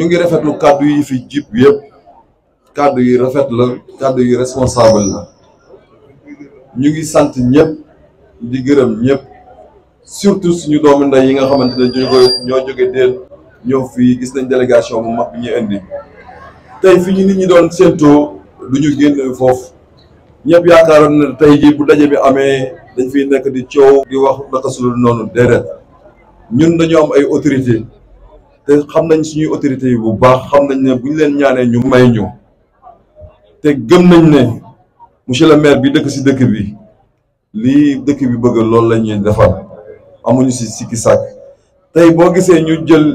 ñu ngi rafetlu kàddu yi fi jib yëpp kàddu yi rafet la kàddu yi responsable la ñu ngi sant ñëpp di gërëm ñëpp surtout suñu doomu ndey yi nga xamante ne ñu ñoo jóge déel ñëw fii gis nañ délégation bu mag bi ñu indi tey fi ñu nit ñi doon séentoo du ñu génn foofu ñëpp yaakaaroon na tey jii bu daje bi amee dañ fi nekk di coow di wax naka su noonu déedéet ñun dañu am ay autorité te xam nañ suñuy autorité yi bu baax xam nañ ne buñ leen ñaanee ñu may ñu te gëm nañ ne monsieur le maire bi dëkk si dëkk bi lii dëkk bi bëgg loolu la ñuy defar amuñu si sikki sàkk tey boo gisee ñu jël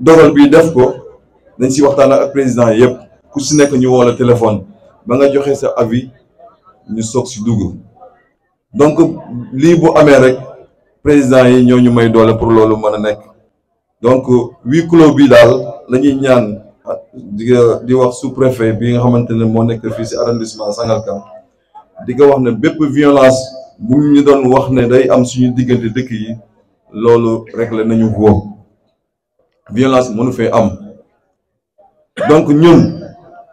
dogal bi def ko dañ si waxtaan ak président yëpp pour si nekk ñu woo la téléphone ba nga joxe sa avis ñu soog si dugg donc lii bu amee rek président yi ñoo ñu may doole pour loolu mën a nekk. donc huis clos bi daal la ñuy ñaan di wax sous préfet bi nga xamante ne moo nekk fii si arrondissement Sangalkam di nga wax ne bépp violence bu ñu doon wax ne day am suñu diggante dëkk yi loolu réglé nañu ko violence mënu fee am donc ñun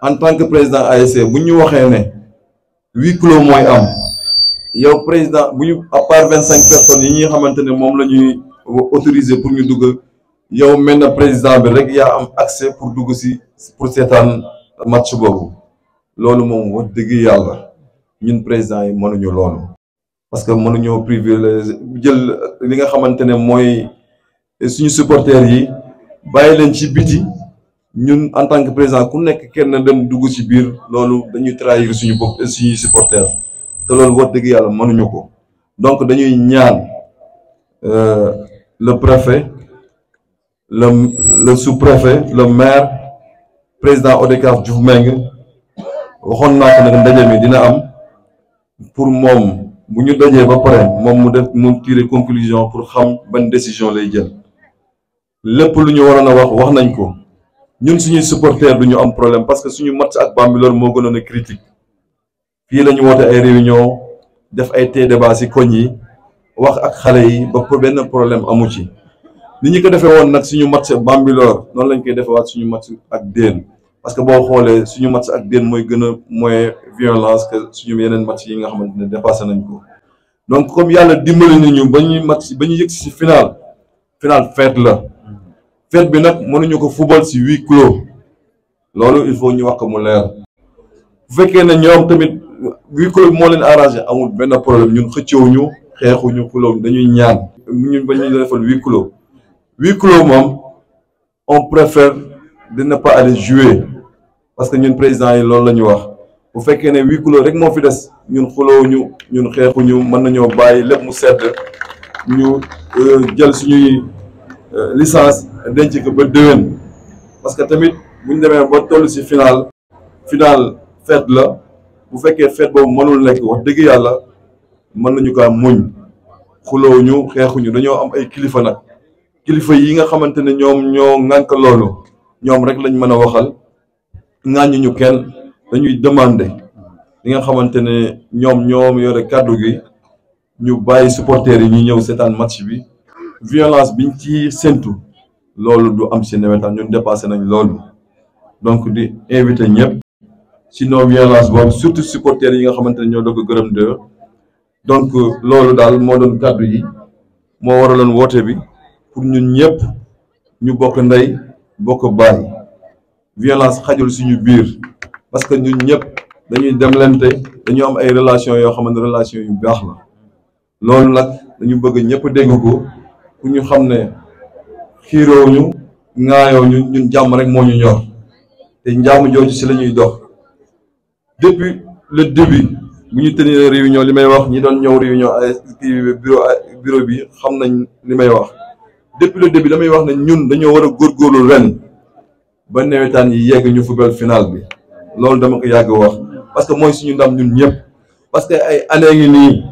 en tant que président ASC bu ñu waxee ne huis clos mooy am yow président bu ñu à part vingt cinq personnes yi ñuy xamante ne moom la ñuy autorisé pour ñu dugg. yow mel président bi rek yaa am accès pour dugg si pour seetaan match boobu loolu moom wax dëgg yàlla ñun président yi mënuñu loolu parce que mënuñu privilégié jël li nga xamante ne mooy suñu supporters yi bàyyi leen ci biti ñun en tant que président ku nekk kenn dem dugg ci biir loolu dañuy trahir suñu bopp suñu supporters te loolu wax dëgg yàlla mënuñu ko donc dañuy ñaan euh, le préfet le le sous-préfet le maire président ODCAV Diouf Meng waxoon naa ko nag ndaje mi dina am pour moom mu ñu dajee ba pare moom mu def mu tirer conclusion pour xam ban décision lay jël lépp lu ñu waroon a wax wax nañ ko ñun suñuy supporters du ñu am problème parce que suñu mat ak Bambilor moo gënoon a critique fii la ñu woote ay réunion def ay té débat ci koñ yi wax ak xale yi ba benn problème amu ci. ni ñu ko defee woon nag suñu match Bambilor noonu lañ koy defewaat suñu match ak Déen parce que boo xoolee suñu match ak Déen mooy gën a mooy violence que suñu yeneen match yi nga xamante ne dépassé nañ ko donc comme yàlla dimbali nañu ba ñuy match ba ñuy yëg si final final fête la fête bi nag mënuñu ko football si wii clos loolu il faut ñu wax ko mu leer bu fekkee ne ñoom tamit huis clos bi moo leen arrangé amul benn problème ñun xëccëw ñu xeexuñu xuloo dañuy ñaan ñun ba ñuy defal huis clos Huit clos on préfère de ne pas aller jouer parce que ñun président yi loolu la wax bu fekkee ne rek fi des nous nous, ñun mën nous nous, Nous licence ba parce que tamit ba final final fête la bu féké fête nous, mënul nekk wax mën nañu Nous nous, Nous am ay kilifa yi nga xamante ne ñoom ñoo ŋànk loolu ñoom rek lañ mën a waxal ŋàññu ñu kenn dañuy demander li nga xamante ne ñoom ñoom yore kàddu gi ñu bàyyi supporters yi ñu ñëw seetaan match bi violence bi ci séntu loolu du am si nawetaan ñun dépassé nañ loolu donc di invité ñëpp si non violence boobu surtout supporters yi nga xamante ne ñoo dogg gërëm de donc loolu daal moo doon kàddu yi moo waraloon woote bi pour ñun ñëpp ñu bokk ndey bokk baay violence xajul suñu biir parce que ñun ñëpp dañuy demlante dañu am ay relation yoo xam ne relation yu baax la loolu nag dañu bëgg ñëpp dégg ko pour ñu xam ne xiiroowuñu ŋaayooñu ñun jàmm rek moo ñu ñor te njaamu jooju si la ñuy dox depuis le début bu ñu tenir réunion li may wax ñi doon ñëw réunion ay bureau bureau bi xam nañ li may wax depuis le début damay wax ne ñun dañoo war a góorgóorlu ren ba nawetaan yi yegg ñu football final bi loolu dama ko yàgg wax parce que mooy suñu ndam ñun ñëpp parce que ay année ngi nii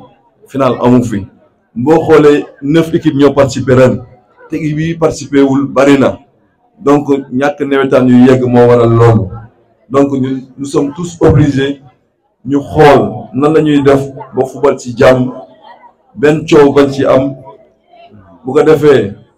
final amu fi boo xoolee neuf équipe ñoo participé ren te bii participé wul bari na donc ñàkk nawetaan yu yegg moo waral loolu donc ñun nous sommes tous obligés ñu xool nan la ñuy def ba football ci jàmm benn coow bañ ci am bu ko defee.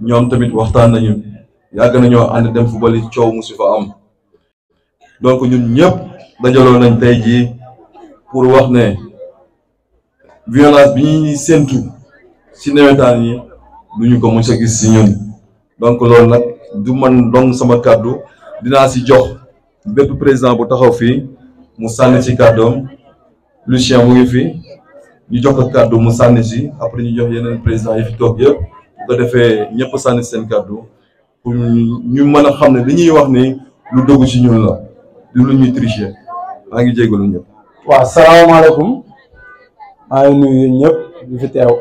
ñoom tamit waxtaan nañu yàgg nañoo ànd dem fu bali coow mu si fa am donc ñun ñëpp dajaloo nañ tey jii pour wax ne violence bi ñuy séntu si nawetaan yi du ñu ko mos a gis si ñun donc loolu nag du man dong sama kàddu dinaa si jox bépp président bu taxaw fii mu sànni si kàddoom Lucien mu ngi fi ñu jox ko kàddu mu sànni si après ñu jox yeneen président yi fi toog yëpp ko defee ñëpp sànni seen kàddu pour ñu mën a xam ne li ñuy wax ni lu dogg ci ñun la du lu ñuy tricher maa ngi jégalu ñëpp. waaw salaamaaleykum maa ngi nuyu ñëpp ñu fi teew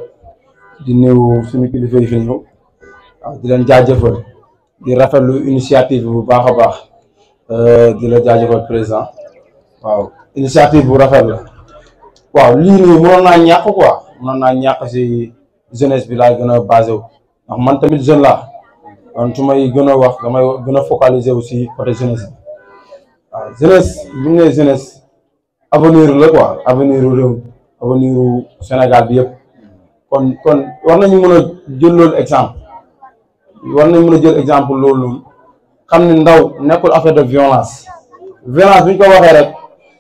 di nuyu suñu kilifa yi fi ñëw waaw di leen jaajëfal di rafetlu initiative bu baax a baax euh, di la jaajëfal président waaw initiative bu rafet la waaw lii nii mënoon naa ñàkk quoi mënoon naa ñàkk si. jeunesse bi laay gën a basé wu man tamit jeune la kon su may gën a wax damay gën a focaliser wu si côté jeunesse bi waaw jeunesse bu ñu nee jeunesse avenir la quoi avenir u réew Sénégal bi yëpp kon kon war nañu mën a jël loolu exemple war nañu mën exemple loolu xam ne ndaw nekkul affaire de violence violence bu ko waxee rek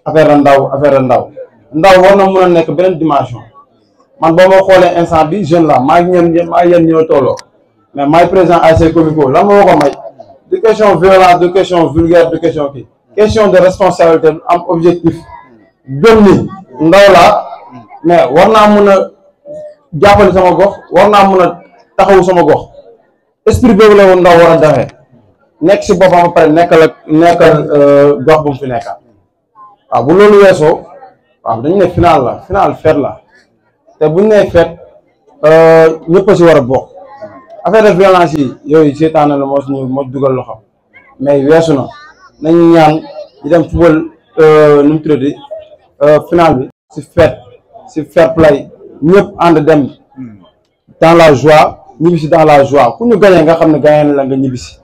affaire la ndaw ndaw ndaw war na mën a man boo ma xoolee instant bi jeune la ma ngi ñeen maa yeen ñoo tolo mais maay président ASC Comico la moo ko may du question violence de question vulgaire de question qui question de responsabilité am objectif gëmni ndaw la mais warna mëna jappal sama gox warna mëna taxaw sama gox esprit bëgg la woon ndaw war a defee nekk si boppam ba pare nekkal ak euh, gox bu mu fi nekkaat waaw bu loolu weesoo waaw dañu ne final la final fer la te bu ñu nee fête euh, ñëpp a si war a bokk affaire de yi yooyu seetaan na la moo suñu moo dugal loxo mais weesu na nañu ñaan di dem football euh, nu mu tuddati euh, final bi si fête si fair ñëpp ànd dem dans la joie ñibbisi dans la joie ku ñu gañee nga xam ne gañee la nga ñibbisi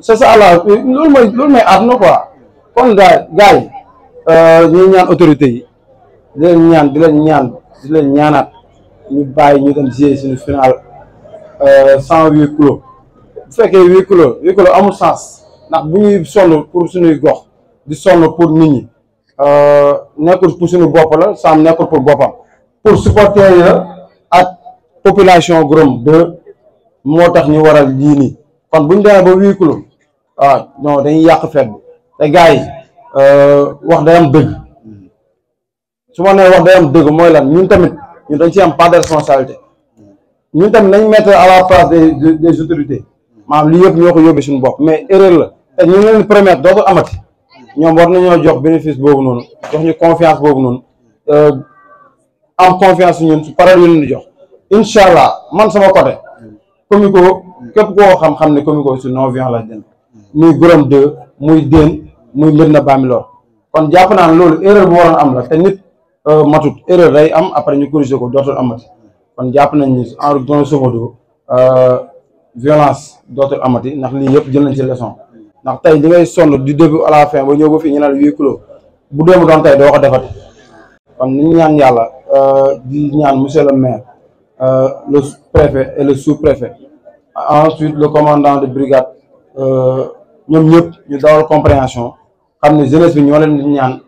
c'est ça la loolu mooy loolu mooy àdduna kon gaa gars yi ñuy ñaan autorités yi di leen ñaan di leen ñaan di leen ñaanaat ñu bàyyi ñu dem jouer suñu final sans euh, huis clos bu fekkee huis clos huis clos amul sens ndax bu ñuy sonn pour suñuy gox di sonn pour nit ñi euh, nekkul pour suñu bopp la Sam nekkul pour boppam pour supporter ya ak population Gorom 2 moo tax ñu waral lii nii kon buñu demee ba huis clos waaw ah, non dañuy yàq fête bi te gars yi euh, wax day am dëgg su ma nee wax day am dëgg mooy lan ñun tamit ñun dañ ci am part de responsabilité ñun tamit nañ mettre à la place des des autorités maanaam lii yëpp ñoo ko yóbbee suñu bopp mais erreur la te ñu leen promettre dootul amati ñoom war nañoo jox bénéfice boobu noonu jox ñu confiance boobu noonu euh, am confiance ñun su parole yu leen di jox incha allah man sama côté Comico képp koo xam-xam ne Comico si non violence la muy Gorom 2 muy Déen muy Medina Bambilor kon jàpp naa ne Euh, matut erreur day am après ñu corriger ko dootul amati kon japp nañ ni en route grosso modo euh, violence dootul amati ndax li yëpp jël nañ ci leçon ndax tay li ngay sonn du début à la fin ba ñëw bo fi ñu naan huis clos bu doomu doon tay do ko defati kon ni ñu ñaan euh di ñaan monsieur le maire euh le préfet et le sous-préfet ensuite le commandant de brigade euh ñom ñëpp ñu dawal compréhension xam jeunesse bi ñoo leen di ñaan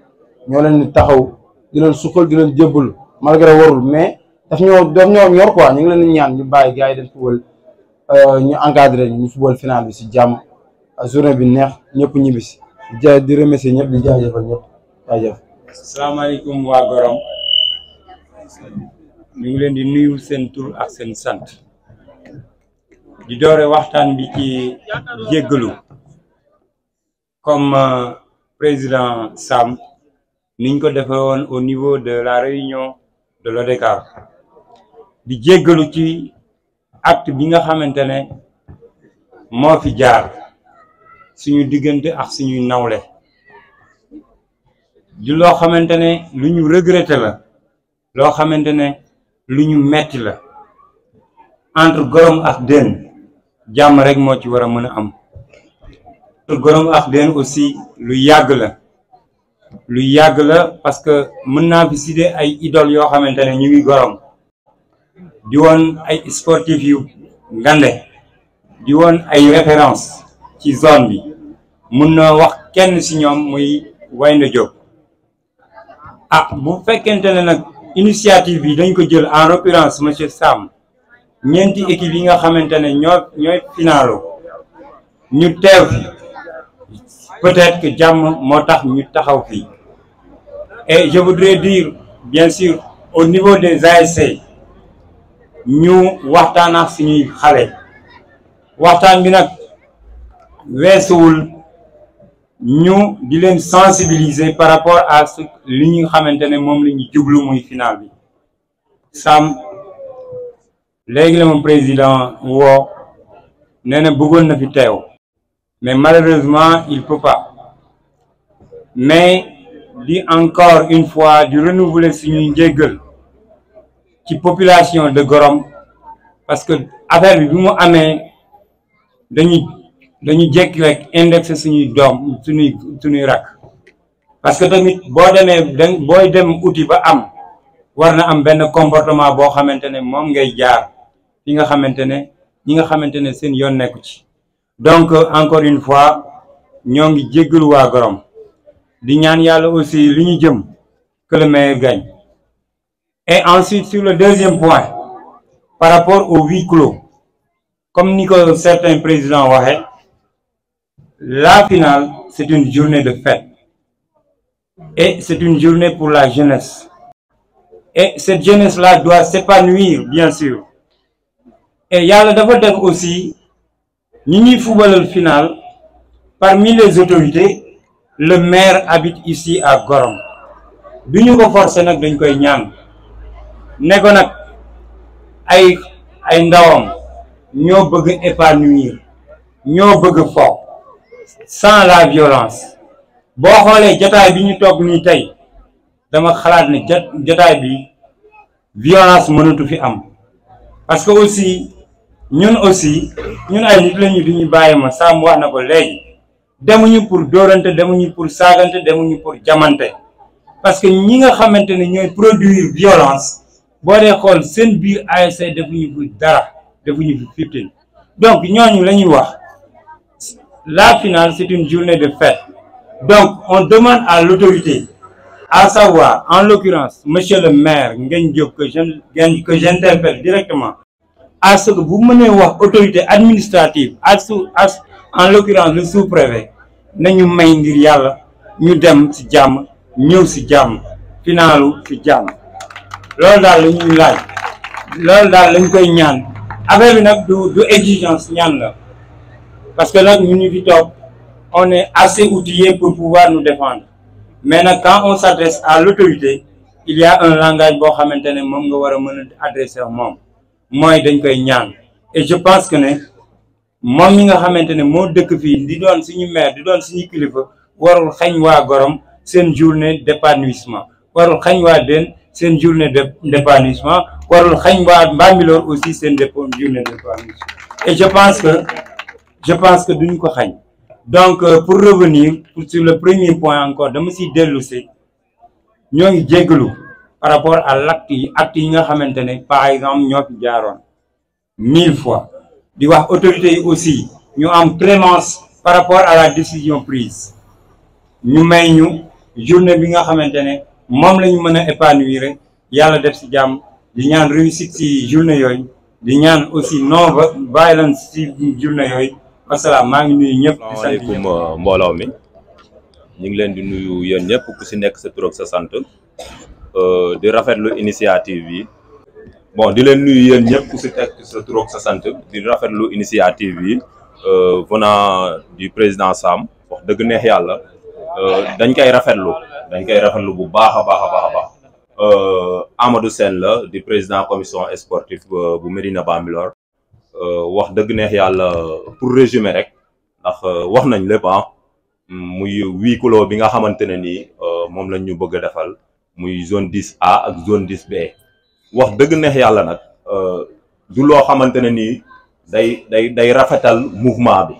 ñoo leen di taxaw di leen sukkal di leen jébbalu malgré warul mais daf ñoo daf ñoo ñor quoi ñu ngi leen ñaan ñu bàyyi gars yi dem football euh, ñu encadré ñu football final bi si jàmm journée bi neex ñëpp ñibbi si ja di remercier ñëpp di jaajëfal ñëpp jaajëf. salaamaaleykum waa Gorom ngi leen di nuyu seen ak seen sant di doore waxtaan bi ci jéggalu comme euh, président Sam. niñ ko o nivo au niveau de la réunion de l'ODCAV di jéggalu ci acte bi nga xamantene mo fi jaar suñu digënté ak suñu nawle di lo xamantene luñu regretté la lo xamantene luñu metti la entre gorom ak den rek mo ci wara mëna am entre gorom ak den aussi lu yagg la lu yàgg la parce que mën naa fi citer ay idoles yoo xamante ne ñu ngi gorom di woon ay sportif yu ngande di woon ay référence ci zone bi mun na wax kenn si ñoom muy Waynda Diop ah bu fekkente ne nag initiative bi dañ ko jël en l'occurrence monsieur Sam ñeenti équipe yi nga xamante ne ñoo ñooy finaalu peut-être que jàmm moo ñu taxaw et je voudrais dire bien sûr au niveau des ASC ñu waxtaan ak suñuy xale waxtaan bi nag ñu di sensibiliser par rapport à ce li ñu xamante ne moom la final bi sam léegi la ma président woo nee na bëggoon na fi teew mais malheureusement, il ne peut pas. Mais, dit encore une fois, du renouveler ce population de Gorom, parce que affaire bi mu amee rek indexé suñuy doom suñuy parce que tamit un ba am am comportement qui ne ngay jaar fi nga nga donc encore une fois nous ngi jéggalu Gorom aussi que le meilleur gagne et ensuite sur le deuxième point par rapport au huis clos comme Nicole certains présidents la finale c'est une journée de fête et c'est une journée pour la jeunesse et cette jeunesse là doit s'épanouir bien sûr et il dafa def aussi ñi ñuy footballal final parmi les autorités le maire habite ici à Gorom bi ñu ko forcé nag dañ koy ñaan ne ko nag ay ay ndawam ñoo bëgg épanouir ñoo bëgg fo sans la violence boo xoolee jataay bi ñu toog nii tey dama xalaat ne jataay bi violence tu fi am parce que aussi nous aussi ñun ay nit lañu duñu bàyyi Sam wax na ko léegi demuñu pour dóorante demuñu pour saagante demuñu pour diamante parce que ñi nga maintenant ñoy produire violence bo dé xol seen biir ASC defuñu fi dara defuñu donc nous la wax la finale c'est une journée de fête donc on demande à l'autorité à savoir en l'occurrence monsieur le maire que j'interpelle directement à ce que vous menez voir autorité administrative en l'occurrence le sous-préfet nañu may ngir nous ñu dem ci jàmm ñëw ci jàmm finaalu ci sommes nous que nous lañ koy ñaan nous parce que ñu on est assez outillé pour pouvoir nous défendre mais quand on s'adresse à l'autorité il y a un langage qui est nga moy dañ koy ñaan et je pense que ne moom mi nga xamantene mo moo dëkk fii di doon suñu maire di doon suñu kilifa warul xagn wa Gorom seen journée d'épanouissement warul xañ waa Dène seen journée d'épanouissement warul xagn wa mbamilor aussi seen journée d'épanouissement et je pense que je pense que duñ ko xagn donc euh, pour revenir sur le premier point encore dama ci déllu ci ñoo ngi par rapport à l'acte yi acte yi nga xamante ne par exemple ñoo fi mille fois di wax autorités aussi ñu am clémence par rapport à la décision prise ñu may ñu journée bi nga xamante ne moom la ñu mën a épanouir yàlla def ci jàmm di ñaan réussite si journée yooyu di ñaan aussi non violence ci journée yooyu asalaam maa ngi nuyu ñëpp. mbooloo mi ñu ngi leen di nuyu yéen ñëpp ku si nekk sa trop sa sant. Euh, di rafetlu initiative yi bon di leen nuyu yéen ñëpp si tekk sa tur sa sant di rafetlu initiative yi euh, venant du président Sam wax dëgg neex yàlla euh, dañ koy rafetlu dañ koy rafetlu bu baax a baax a baax a baax Amadou Sène la di président commission sportive bu Médina Bambilor wax dëgg neex yàlla pour résumer rek ndax wax nañ lépp ah muy wii kuloo bi nga xamante ne nii moom lañ ñu bëgg a defal muy zone dis A ak zone dis B wax dëgg neex yàlla nag euh, du loo xamante ne nii day day day rafetal mouvement bi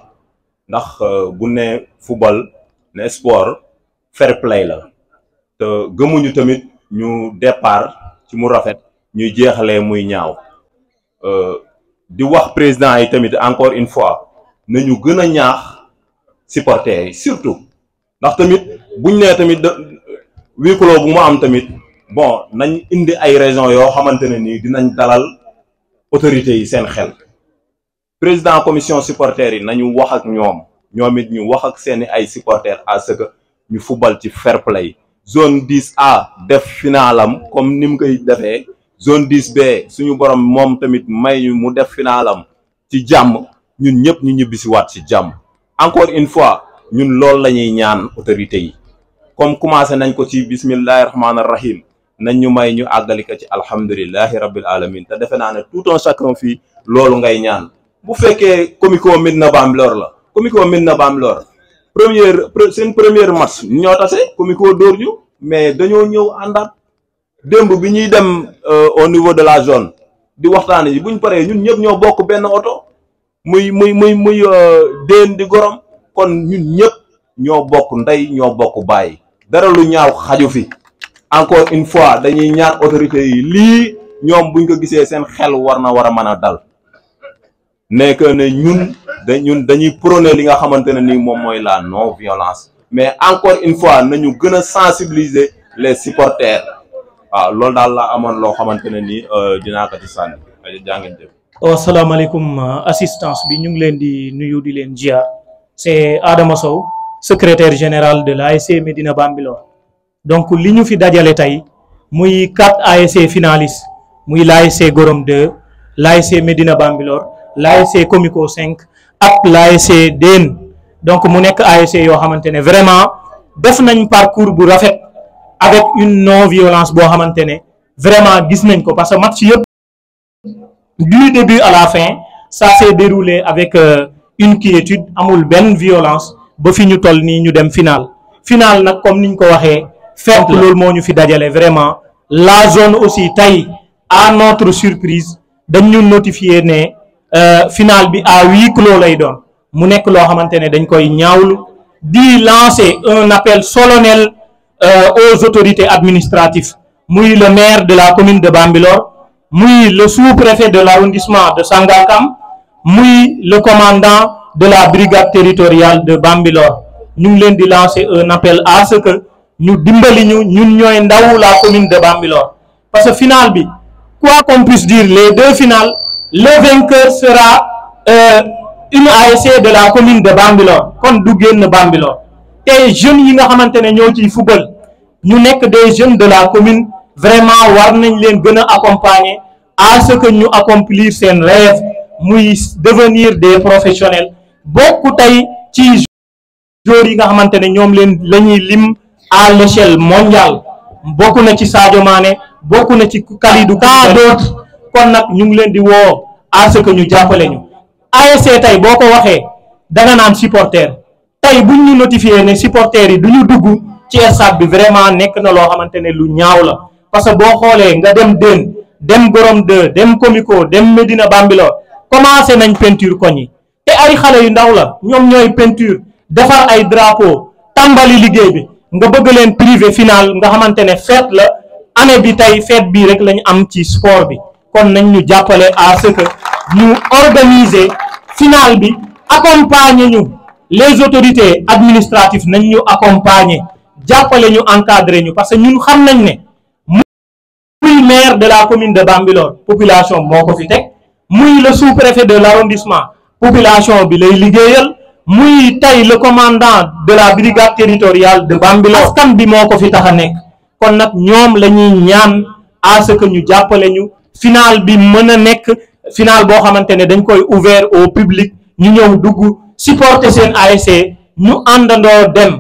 ndax euh, bu ne football ne sport fair play la te gëmuñu tamit ñu départ ci mu rafet ñuy jeexale muy ñaaw euh, di wax président yi tamit encore une fois nañu gën a ñaax supporters yi surtout ndax tamit buñ nee tamit huis clos bu mu am tamit bon nañ indi ay raison yo xamantene ni dinañ dalal autorité yi sen xel président commission supporters yi nañu wax ak ñom ñomit ñu wax ak ay à ce que ñu ci fair play zone 10 A def finalam comme nim zone 10 B suñu borom mom tamit may mu def finalam ci jamm ñun ñu ci encore une fois ñun lool lañuy ñaan yi. comme commencé nañ ko ci bismillahir rahmanir rahim nañ ñu may ñu agali ko ci alhamdulillahi rabbil alamin ta defe naa tout en chacun fi lolu ngay ñaan bu fekkee comico bam lor la comico bam lor première seen première match ño tassé comico dóor ñu mais daño ñew andat démb bi ñuy dem euh, au niveau de la zone di waxtane yi buñ paré ñun ñepp ño bok ben auto muy muy muy muy euh, den di gorom kon ñun ñepp ño bok nday ño bok baye dara lu ñaaw xaju fi encore une fois dañuy ñaar autorité yi li ñom buñ ko gisé warna xel warna wara mëna dal mais que ne ñun da ñun dañuy prôner li nga xamante ni mom moy la non violence mais encore une fois nañu gëna sensibiliser les supporters waaw lool dal la amone lo xamante ni euh dina ko ci sànni jàngeen oh, assalamu alaykum euh, assistance bi ñu ngi leen di nuyu di leen jiar c'est Adama Sow secrétaire général de l'AEC Medina Bambilor donc li ñu fi avons tey quatre ASC finalistes muy l'ASC Gorom 2 l'AEC Medina Bambilor l'AEC Comico 5 et l'AEC DEN. donc mu AEC ASC yoo vraiment def nañ parcours pour rafet avec une non violence pour vraiment dix nañ parce que match du début à la fin ça s'est déroulé avec euh, une quiétude amul ben violence ba fi ñu toll ñu dem final final nag comme niñ ko waxee fekk loolu moo ñu fi vraiment la zone aussi à notre surprise dañ ñu notifié ne euh, final bi à huis clos lay doon mu nekk dañ di lancer un appel solennel euh, aux autorités administratives muy le maire de la commune de Bambilor muy le sous-préfet de l'arrondissement de Sangakam, muy le commandant de la brigade territoriale de Bambilor nous ngi lancé un appel à ce que nous dimbali nous nous ñooy ndaw la commune de Bambilor parce que finalement, quoi qu'on puisse dire les deux finales le vainqueur sera euh, une ASC de la commune de Bambilor kon du de Bambilor les jeunes yi nga xamante ne ñoo football nous sommes des jeunes de la commune vraiment nous nañ accompagnons accompagner à ce que nous accomplir un rêve devons devenir des professionnels bokk tey ci joueurs yi nga xamante ne ñoom leen lañuy lim à l'échelle mondiale bokk na ci Sadio Mané bokk na ci du kaa d'autres kon nag ñu ngi leen di woo à que ñu jàppale ñu ASC tey boo ko waxee danga naan supporter tey buñ ñu notifié ne supporter yi du ñu dugg ci stade bi vraiment nekk na loo xamante ne lu ñaaw la parce que boo xoolee nga dem Dén dem Gorom 2 dem Comico dem Medina Bambilor commencé nañ peinture koñ yi te ay xalé yu ndaw la ñom ñoy peinture defar ay drapeau tambali liggéey bi nga bëgg leen privé final nga xamantene fête la année bi tay fête bi rek lañu am ci sport bi kon nañ ñu jappalé à ce que ñu organiser final bi accompagner ñu les autorités administratives nañ ñu accompagner jappalé ñu encadrer ñu parce que ñun xam nañ né muy maire de la commune de Bambilor population moko fi tek muy le sous-préfet de l'arrondissement population bi lay liggéeyal muy tey le commandant de la brigade territoriale de Bambilor askan bi moo ko fi tax a nekk kon nag ñoom la ñaan à que ñu jàppale ñu final bi mën a nekk final boo xamante ne dañ koy ouvert au public ñu ñëw dugg supporter seen ASC ñu àndandoo dem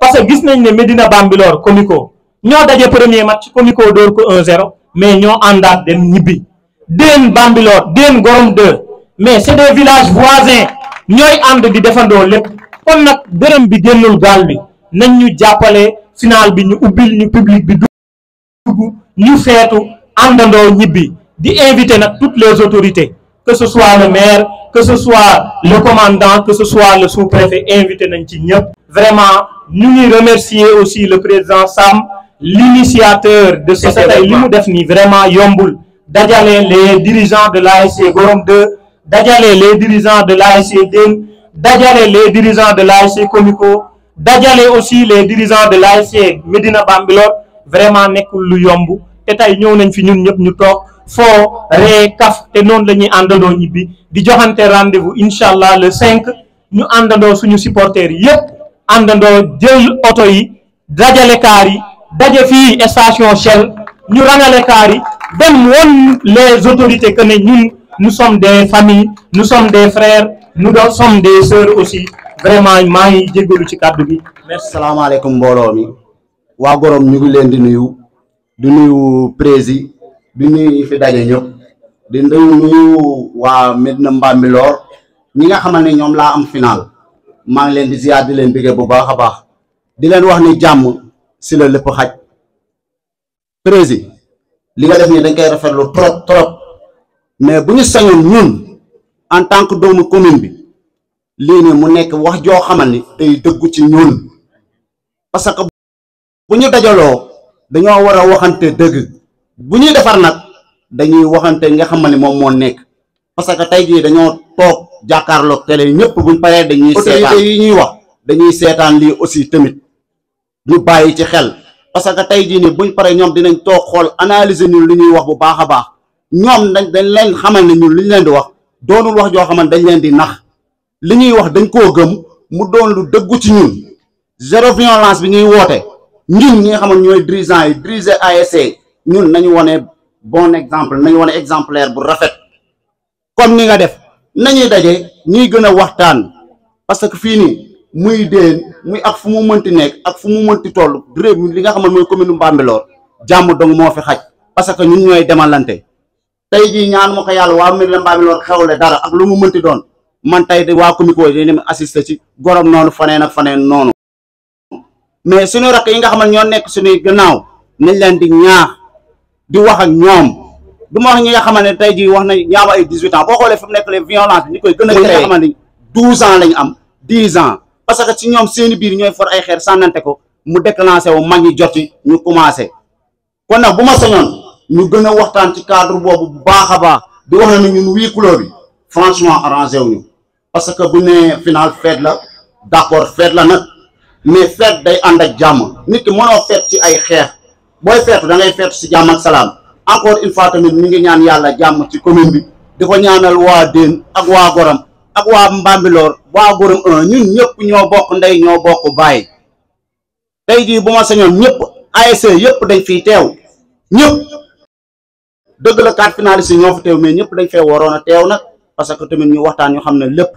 parce que gis nañ ne Medina Bambilor Comico ñoo daje premier match Comico dóor ko 1-0 mais ñoo àndaat dem ñibbi déen Bambilor déen Gorom 2 mais c'est des villages voisins ñoy ànd di le. On kon nak dërëm bi le gal bi nañ ñu jappalé final bi ñu ubil ñu public bi fait ñu feetu andando ñibi di inviter nak toutes les autorités que ce soit le maire que ce soit le commandant que ce soit le sous-préfet invité nañ ci ñep vraiment ñu ngi remercier aussi le président Sam l'initiateur de ce tey limu def ni vraiment yombul dajale les dirigeants de l'ASC Gorom 2 dajale les dirigeants de l'ASC Dén dajale le dirigeants de la l'ASC Comico dajale aussi les dirigeants de l'ASC Médina Bambilor vraiment nekkul lu yomb te tey ñëw nañ fi ñun ñëpp ñu toog foo ree kaf te noonu la ñuy àndandoo ñibbi di joxante rendez-vous incha allah le cinq ñu àndandoo suñu supporters yëpp àndandoo jël oto yi dajale kaar yi daje fi station Shell ñu rangale kaar dem woon les autorités que ne ñun. nous sommes des familles nous sommes des frères nous sommes des sœurs aussi vraiment maa ngi jéggalu ci kàddu bi merci salaamaaleykum mbooloo mi waa Gorom ñu ngi leen di nuyu di nuyu prési di nuyu fi daje ñëpp di nuyu waa Medina Mbambilor ñi nga xamal ne ñoom am final maa ngi leen di ziar di leen bigee bu baax baax di leen wax ni jàmm si le lépp xaj prési li nga def ni dañ koy rafetlu trop trop mais buñu ñu ñun en tant que doomu commune bi lii nii mu nekk wax joo xamal ni tey dëggu ci ñun parce que bu ñu dajaloo dañoo war a waxante dëgg bu ñuy defar nag dañuy waxante nga xamal ni moom moo nekk parce que tey jii dañoo toog jàkkaarloog télé ñëpp buñ paree dañuy seetaan yi ñuy wax dañuy seetaan lii aussi tamit ñu bàyyi ci xel parce que tey jii ni buñ paree ñoom dinañ toog xool analyser ñu li ñuy wax bu baax a baax ñoom dañ dañ leen xamal ne ñun li ñu leen di wax doonul wax joo xaman dañ leen di nax li ñuy wax dañ koo gëm mu doon lu dëggu ci ñun zéro violence bi ñuy woote ñun ñi nga xaman ñooy dirigeants yi diriger ASC ñun nañu wane bon exemple nañu wane exemplaire bu rafet comme ni nga def nañuy daje ñuy gën a waxtaan parce que fii nii muy déen muy ak fu mu mënti nekk ak fu mu mënti toll réew mi li nga xaman mooy commune Mbambilor jàmm dong moo fi xaj parce que ñun ñooy demalante tey jii ñaan ma ko yàlla waa mbir la mbaami loon xewle dara ak lu mu mënti doon man tey di waa comico di dem assister ci gorom noonu faneen ak faneen noonu mais suñu rakk yi nga xam ñoo nekk suñuy gannaaw nañ leen di ñaax di wax ak ñoom du ma wax ñi nga xam ne tey jii wax nañ ñaaw ay dix huit ans boo xoolee fi mu nekk les violence bi ñu koy gën a nga xam ne douze ans lañ am dix ans parce que ci ñoom seeni biir ñooy for ay xeer sànnante ko mu déclenché wu mag ñi jot ñu commencé ñu gëna waxtaan ci cadre bobu bu baaxa ba di wax ne ñun wi couleur bi franchement arrangé wuñu parce que bu né final fait la d'accord fait la nak mais fait day and ak jamm nit ki mëno fait ci ay xeex boy fait da ngay fait si jamm ak salam encore une fois tamit ñu ngi ñaan yalla jamm ci commune bi di ko ñaanal wa den ak wa Goram ak waa Mbambilor wa Goram 1 ñun ñepp ñoo bok nday ñoo bok bay tay di buma ma sañoon ASC yëpp dañ fi tew ñepp dëgg la quatre finalistes yi ñoo fa teew mais ñëpp dañ fee waroon a teew nag parce que tamit ñu waxtaan ñu xam ne lépp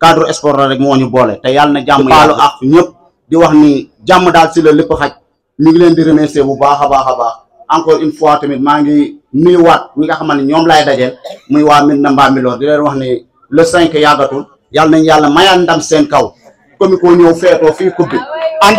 cadre sport la rek moo ñu boole te yàlla na jàmm yaalu ak ñëpp di wax ni jàmm daal si la lépp xaj ñu ngi leen di remercier bu baax a baax a encore une fois tamit maa ngi nuyuwaat ñi nga xamante ñoom laay dajeel muy waa Médina Bambilor di leen wax ni le cinq yàggatul yàlla nañ yàlla mayaat ndam seen kaw comi ko ñëw feetoo fii coupe